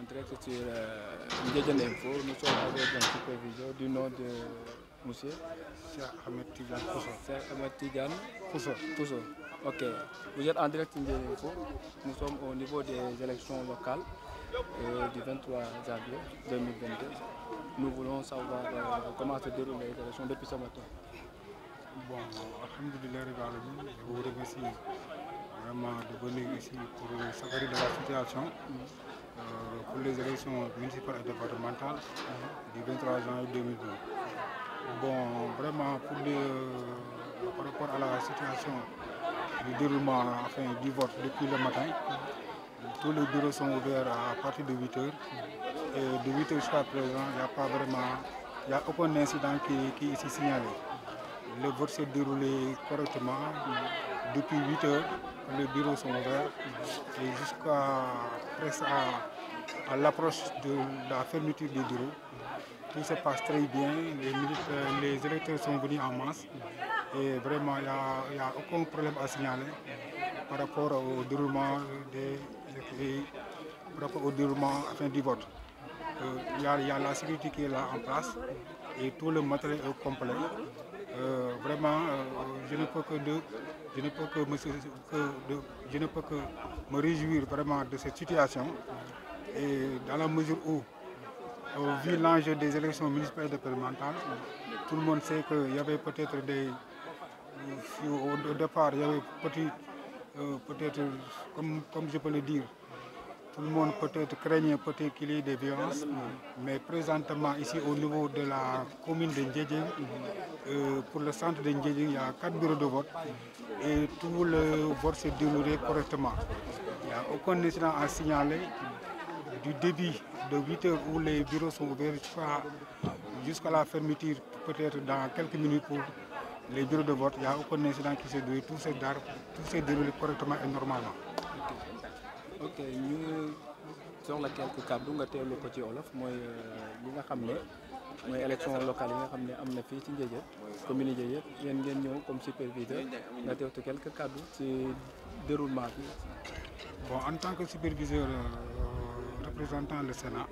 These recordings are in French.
en direct sur euh, Info. Nous sommes avec un superviseur du nom de monsieur C'est Ahmed Tidiane Pousso. C'est Ahmed Pousso. Ok. Vous êtes en direct sur le Info. Nous sommes au niveau des élections locales euh, du 23 janvier 2022. Nous voulons savoir euh, comment se déroulent les élections depuis ce matin. Bon, Alhamdulillah, je vous remercie vraiment de venir ici pour s'accorder de la situation. Mm-hmm. Euh, pour les élections municipales et départementales du 23 janvier 2020. Bon, vraiment, pour euh, par rapport à la situation du déroulement enfin, du vote depuis le matin, tous les bureaux sont ouverts à partir de 8 h Et de 8 h jusqu'à présent, il n'y a pas vraiment, il n'y a aucun incident qui, qui est signalé. Le vote s'est déroulé correctement. Depuis 8 heures, les bureaux sont ouverts et jusqu'à à, l'approche de la fermeture des bureaux. Tout se passe très bien, les, euh, électeurs sont venus en masse et vraiment il n'y a, aucun problème à signaler par rapport au déroulement, des, par rapport au déroulement du vote. Euh, il y, a la sécurité qui est là en place et tout le matériel est complet. Euh, vraiment, je ne peux que de, ne peux que me, je ne peux me réjouir vraiment de cette situation. Et dans la mesure où, euh, vu l'enjeu des élections municipales de tout le monde sait qu'il y avait peut-être des... Euh, au départ, il y avait euh, peut-être, comme, comme je peux le dire, tout le monde peut-être craigne, peut-être qu'il y ait des violences, mais présentement ici au niveau de la commune de euh, pour le centre de il y a quatre bureaux de vote et tout le vote s'est déroulé correctement. Il n'y a aucun incident à signaler du début de 8 heures où les bureaux sont ouverts jusqu'à la fermeture, peut-être dans quelques minutes pour les bureaux de vote. Il n'y a aucun incident qui s'est déroulé, tout s'est déroulé correctement et normalement ok nous avons quelques kàddu nga teewlu ko ci Olaf. mooy euh, li nga xam ne élection locale nga xam ne am ci comme superviseur nga avons quelques c'est ci déroulement bon en tant que superviseur euh, représentant le Sénat.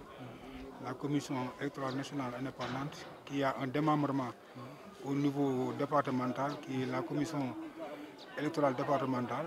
la commission électorale nationale indépendante qui a un démembrement au niveau départemental qui est la commission électorale départementale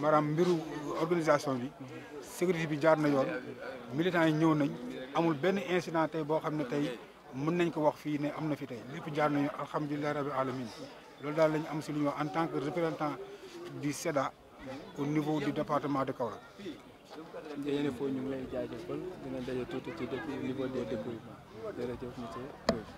maanaam mbiru organisation bi sécurité bi jaar na yoon militants yi ñëw nañ amul benn incident tey boo xam ne tey mën nañ ko wax fii ne am na fi tey lépp jaar nañu alhamdulilah rabbi alamin loolu daal lañu am si lu ñu wax en tant que représentant du SEDA au niveau du département de Kaolack. yéen foofu ñu ngi lay jaajëfal dina daje tuuti ci depuis